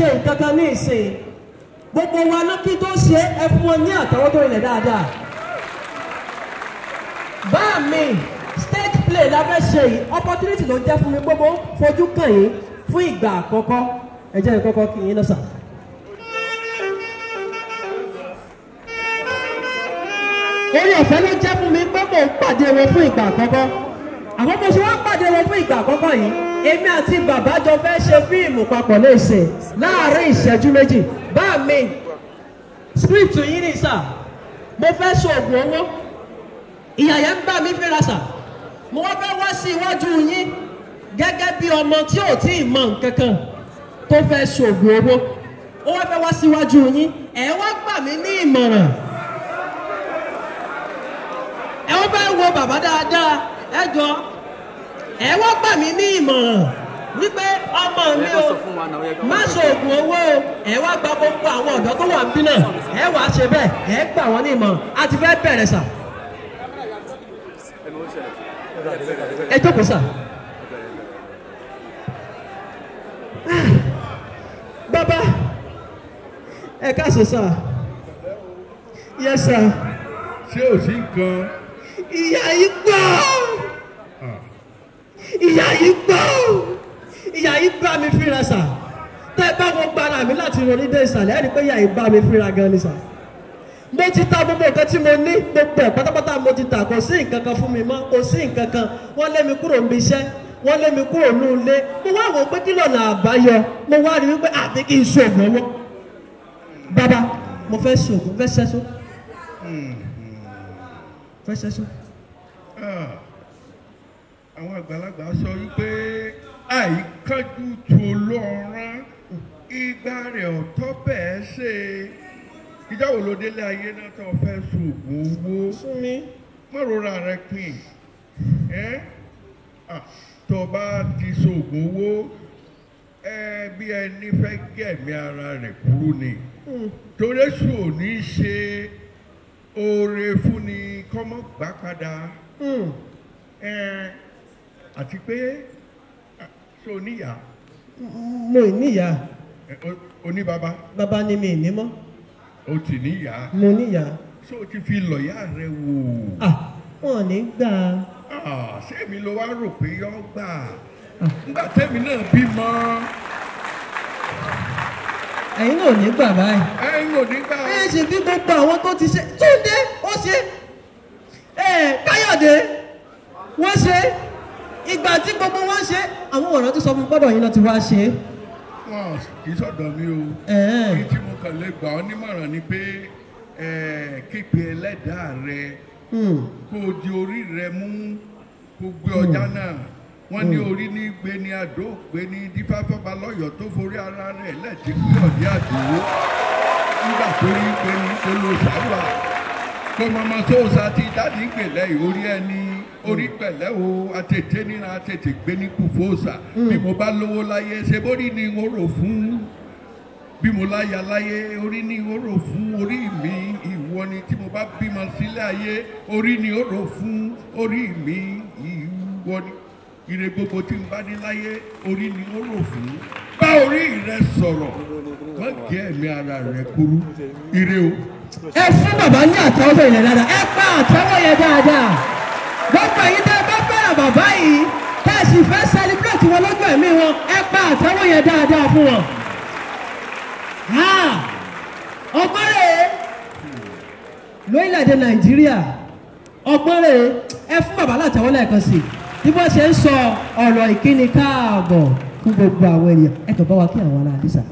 ṣe nǹkan kan ní ìsìn gbogbo wa ló kí tó ṣe ẹ fún wọn ní àtọwọ́ ilẹ̀ dáadáa bá mi stage play la ṣe yìí opportunity ló ń jẹ́ fún mi gbogbo fojú kàn yín fún ìgbà àkọ́kọ́ ẹ ìkọ́kọ́ kí yín lọ́sàn. orí ọ̀fẹ́ ló jẹ́ fún mi pé pàdé wọn fún ìgbà àkọ́kọ́ àwọn bó ṣe wá pàdé wọn fún ìgbà àkọ́kọ́ yìí èmi àti bàbá jọ fẹ́ ṣe fíìmù papọ̀ léṣe láàárín ìṣẹ́jú méjì bá mi script yín ni sà mo fẹ́ ṣoògùn owó ìyàyẹ ń bá mi fẹ́ra sà mo wá fẹ́ wá sí iwájú yín gẹ́gẹ́ bí ọmọ tí ò tí ì mọ nǹkan kan tó fẹ́ ṣoògùn owó ó wá fẹ́ wá síwájú yín ẹ̀ wá gbà mí ní ìmọ̀ràn ẹ̀ wọ́n fẹ́ wo bàbá dáadáa ẹ ẹ wọ́n gbà mí ní ìmọ̀ràn wípé ọmọ mi o má ṣoògùn owó o ẹ wá gba gbogbo àwọn ọ̀dọ́ tó wà ń bí náà ẹ wàá ṣe bẹ́ẹ̀ ẹ gbà wọ́n ní ìmọ̀ràn a ti fẹ́ bẹ̀rẹ̀ sà. ẹ jókòó sà. bàbá ẹ káàsó sà yes sir. ṣé o sì ń kan. ìyá yìí pọ̀ ìyá yìí gbọ́ ìyá yìí bá mi fínra sà tẹ́ ẹ bá wọn gbára mi láti ronú dé ìsàlẹ̀ ẹ̀rí pé ìyá yìí bá mi fínra gan ni sà mo ti ta gbogbo nǹkan tí mo ní gbogbo ẹ̀ pátápátá mo ti tà kò sí nǹkan kan fún mi mọ́ kò sí nǹkan kan wọ́n lé mi kúrò níbi iṣẹ́ wọ́n lé mi kúrò ní ilé mo wá wò pé kí lọ́nà àbáyọ mo wá rí wípé àbí kí n ṣògùn owó bàbá mo fẹ́ ṣògùn fẹ́ ṣẹ́ṣó hmm. fẹ́ ṣẹ́ṣó àwọn àgbàlagbà sọ wípé àìkánjú tu olóòrán igba rẹ̀ ọ̀tọ́ bẹ́ẹ̀ ṣe ìjà wo ló délé ayé náà tó fẹ́ ṣoògùn owó má rora rẹ pin tó bá ti ṣoògùn owó bí ẹni fẹ́ gẹ̀mí ara rẹ̀ kúrú ni hmm. torí èṣù ò ní ṣe oore fúnni kọ́mọ́ gbà padà. Hmm àti pé ṣé o níyà. mo ì níyà. o ní bàbá. bàbá ni mi ì ní mọ́. o ti níyà. mo níyà. ṣé o ti fi lọ̀yà rẹ wò. ah wọn ò ní gbà á. ṣé èmi ló wá rò pé yọ gbà nígbà tẹ́mi náà bímọ ẹ̀yin náà ní gbà báyìí. ẹ̀yin ò ní gbà. ẹ ṣe bí gbogbo àwọn tó ti ṣe Túndé ó ṣe Káyọ̀dé wọ́n ṣe ìgbà tí gbogbo wa ṣe àwọn ọ̀rọ̀ tó sọ fún gbọ́dọ̀ yín náà ti wá ṣe. wọn kì í sọ̀dọ̀ mi o kí tí mo kàn lè gbà ọ́ nímọ̀ràn ni pé képe ẹlẹ́dàá rẹ hmm. kó o di orí rẹ mú kó gbé ọjà hmm. náà wọ́n ní hmm. orí ní gbé ní àdó gbé ní dífáfọ́ba lọ́yọ̀ọ́ tó forí ara rẹ̀ lẹ́ẹ̀tì kú ọ̀dí àdúró nígbà tó rí gbé ní olóṣàwà kó mọ̀mọ́ sóòsà ti dáàdì gbèlẹ́ ìhórí ẹni orí hmm. pẹ̀lẹ́ o àtètè níra àtètè gbé ní kùfóòsà hmm. bí mo bá lówó láyé ṣe bórí ni n ó rò fún bí mo láya láyé orí ni n rò fún orí mi ìwọ ni tí mo bá bímọ sílé ayé orí ni ó rò fún orí mi ìwọ ni ire gbogbo tí n bá ní láyé orí ni ó rò fún bá orí rẹ sọ̀rọ̀ wọ́n gé ẹ̀mí ara rẹ kúrú ire o. ẹ fún bàbá ní àtàwọn yẹn dáadáa ẹ pa àtàwọn yẹn dáadáa. sì fẹ́ sẹlẹbírẹ̀tì wọn lójú ẹ̀mí wọn ẹ pa àtẹ́wọ́ yẹn dáadáa fún wọn. ọgbọ́n rẹ̀ lórílẹ̀‐èdè nàìjíríà ọgbọ́n rẹ̀ ẹ fún bàbá látẹ̀wọ́ lẹ́ẹ̀kan sí bí wọ́n ṣe ń sọ ọ̀rọ̀ ìkíni káàbọ̀ fún gbogbo àwọn ènìyàn ẹ tó bá wa kí àwọn aláàdísà.